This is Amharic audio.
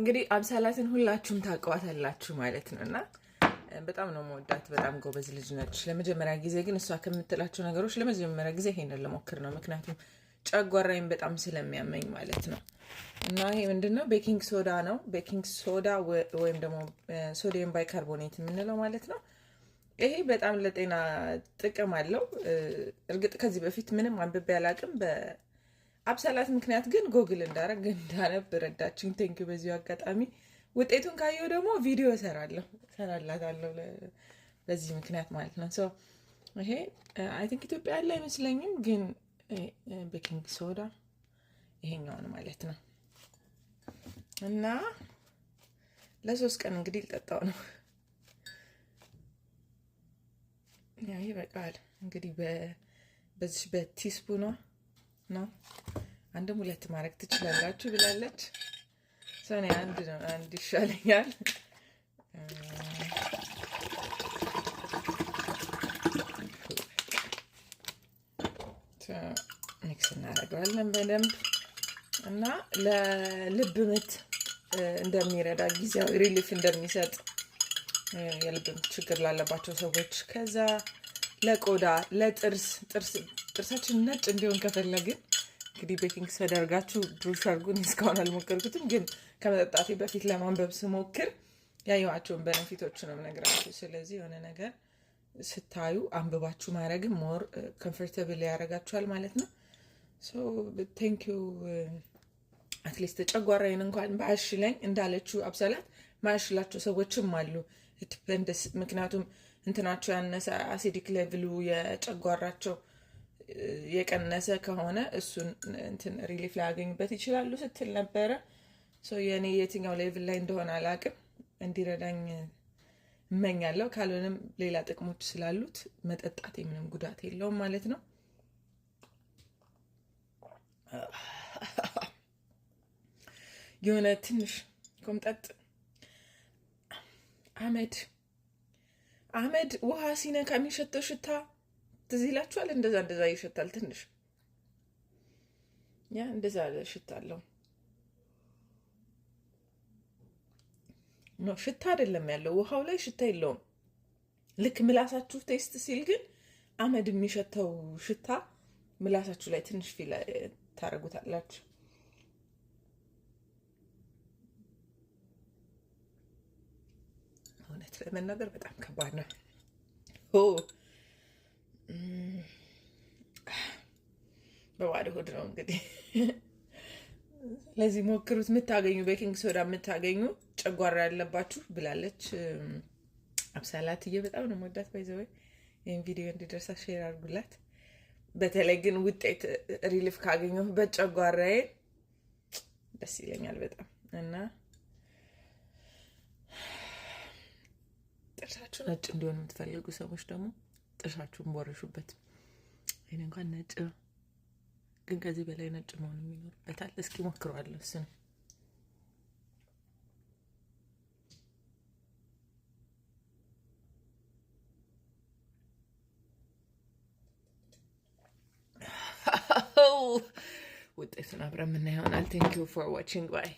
እንግዲህ አብሳላትን ሁላችሁም ታቀዋታላችሁ ማለት ነው እና በጣም ነው መወዳት። በጣም ጎበዝ ልጅ ነች። ለመጀመሪያ ጊዜ ግን እሷ ከምትላቸው ነገሮች ለመጀመሪያ ጊዜ ይሄንን ልሞክር ነው፣ ምክንያቱም ጨጓራይም በጣም ስለሚያመኝ ማለት ነው እና ይሄ ምንድን ነው? ቤኪንግ ሶዳ ነው። ቤኪንግ ሶዳ ወይም ደግሞ ሶዲየም ባይካርቦኔት የምንለው ማለት ነው። ይሄ በጣም ለጤና ጥቅም አለው። እርግጥ ከዚህ በፊት ምንም አንብቤ አላቅም አብሰላት ምክንያት ግን ጎግል እንዳረግ እንዳነብ ረዳችኝ። ቴንክ በዚሁ አጋጣሚ ውጤቱን ካየው ደግሞ ቪዲዮ ሰራለሁ ሰራላታለሁ በዚህ ምክንያት ማለት ነው። ሰው ይሄ አይ uh, ቲንክ ኢትዮጵያ ያለ አይመስለኝም፣ ግን ቤኪንግ uh, ሶዳ uh, ይሄኛውን ማለት ነው እና ለሶስት ቀን እንግዲህ ልጠጣው ነው። ይበቃል እንግዲህ በዚህ በቲስፑኗ ነው። አንድም ሁለት ማድረግ ትችላላችሁ ብላለች። ሰኔ አንድ ነው አንድ ይሻለኛል። ሚክስ እናደርገዋለን በደንብ እና ለልብ ምት እንደሚረዳ ጊዜያዊ ሪሊፍ እንደሚሰጥ የልብ ምት ችግር ላለባቸው ሰዎች ከዛ ለቆዳ ለጥርስ ጥርስ ጥርሳችን ነጭ እንዲሆን ከፈለግን እንግዲህ ቤኪንግ ሶዳ አድርጋችሁ ብሩሽ አድርጉን። እስካሁን አልሞከርኩትም፣ ግን ከመጠጣቴ በፊት ለማንበብ ስሞክር ያየኋቸውን በነፊቶቹ ነው የምነግራችሁ። ስለዚህ የሆነ ነገር ስታዩ አንብባችሁ ማድረግም ሞር ኮንፈርታብል ያደርጋችኋል ማለት ነው። ቴንክ ዩ አትሊስት ጨጓራዬን እንኳን በአሽ ላይ እንዳለችው አብሳላት ማያሽላቸው ሰዎችም አሉ። ምክንያቱም እንትናቸው ያነሰ አሲዲክ ሌቭሉ የጨጓራቸው የቀነሰ ከሆነ እሱን እንትን ሪሊፍ ላያገኙበት ይችላሉ ስትል ነበረ። የእኔ የትኛው ሌቭል ላይ እንደሆነ አላቅም። እንዲረዳኝ እመኛለሁ። ካልሆነም ሌላ ጥቅሞች ስላሉት መጠጣት የምንም ጉዳት የለውም ማለት ነው። የሆነ ትንሽ ቆምጠጥ አመድ አመድ ውሃ ሲነካ የሚሸተው ሽታ ትዝ ይላችኋል። እንደዛ እንደዛ ይሸታል ትንሽ ያ እንደዛ ሽታ አለው። ኖ ሽታ አይደለም ያለው ውሃው ላይ ሽታ የለውም። ልክ ምላሳችሁ ቴስት ሲል ግን አመድ የሚሸተው ሽታ ምላሳችሁ ላይ ትንሽ ፊል ታደርጉታላችሁ። እውነት ለመናገር በጣም ከባድ ነው። በባዶ ሆድ ነው እንግዲህ። ለዚህ ሞክሩት፣ የምታገኙ ቤኪንግ ሶዳ የምታገኙ ጨጓራ ያለባችሁ ብላለች አብሳላትዬ። በጣም ነው የምወዳት። ባይዘወይ ይህን ቪዲዮ እንዲደርሳ ሼር አድርጉላት። በተለይ ግን ውጤት ሪሊፍ ካገኘሁበት በጨጓራዬ ደስ ይለኛል በጣም እና ጥርሳችሁ ነጭ እንዲሆን የምትፈልጉ ሰዎች ደግሞ ጥርሳችሁን ቦርሹበት። ይህን እንኳን ነጭ ግን ከዚህ በላይ ነጭ መሆን ይኖርበታል። እስኪ ሞክረዋለሁ እሱን ውጤቱን አብረን የምናየው ይሆናል። ቴንክ ዩ ፎር ዋቺንግ ባይ